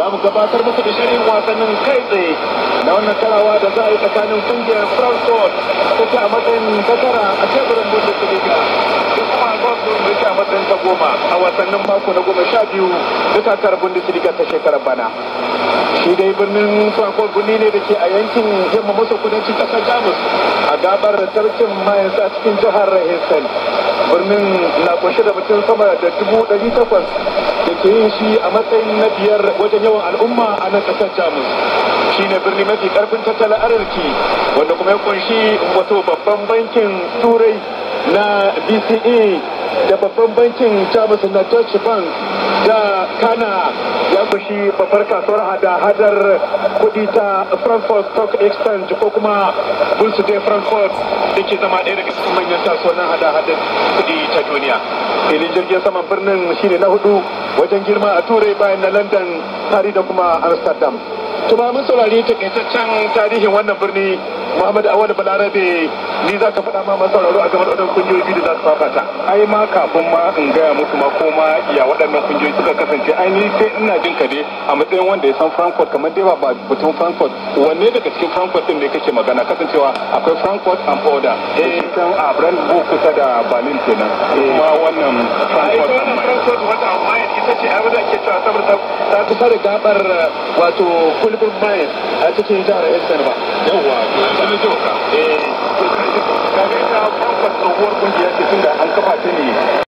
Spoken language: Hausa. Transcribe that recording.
za mu gabatar musu da shirin wasannin kai tsaye na wannan karawa da za a yi tsakanin kungiyar frankfurt ta ke a matsayin ta a teburin bundesliga da kuma dortmund da ke a matsayin ta goma a wasannin mako na goma sha biyu da kakar bundesliga ta shekarar bana shi dai birnin frankfurt birni ne da ke a yankin yamma maso kudancin kasar jamus a gabar tarkin mayans a cikin jihar hessen birnin na kunshe da mutum sama da dubu ɗari takwas saye shi a matsayin na biyar wajen yawan al'umma a nan kasar jamus ne birni mafi karfin tattalin arziki wanda kuma ya kunshi wato babban bankin turai na bce da babban bankin jamus na deutsche bank da kana ya kushi babbar kasuwar hada-hadar kudi ta frankfurt stock exchange ko kuma bulsu de frankfurt da ke zama ɗaya daga cikin manyan kasuwannin hada-hadar kudi ta duniya filin jirgin saman birnin shine na hudu wajen girma a turai bayan na london tare da kuma amsterdam kuma mun saurari takaitaccen tarihin wannan birni muhammad awal balarabe ni za ka faɗa ma masu sauraro a game da waɗannan kungiyoyi da za su fafata ai ma kafin ma in gaya musu ma ko ma ya waɗannan kungiyoyi suka kasance ai ni sai ina jin ka dai a matsayin wanda ya san frankfurt kamar dai ba batun frankfurt wanne daga cikin frankfurt din ne kake magana kasancewa akwai frankfurt and border eh can a brandenburg kusa da berlin kenan kuma wannan frankfurt ce abin da ke cewa ta kusa da gabar eh, wato kulbin mayan a cikin jihar Essex ba. Yawwa, sun eh, ka. ita tsohuwar da an kafa ta ne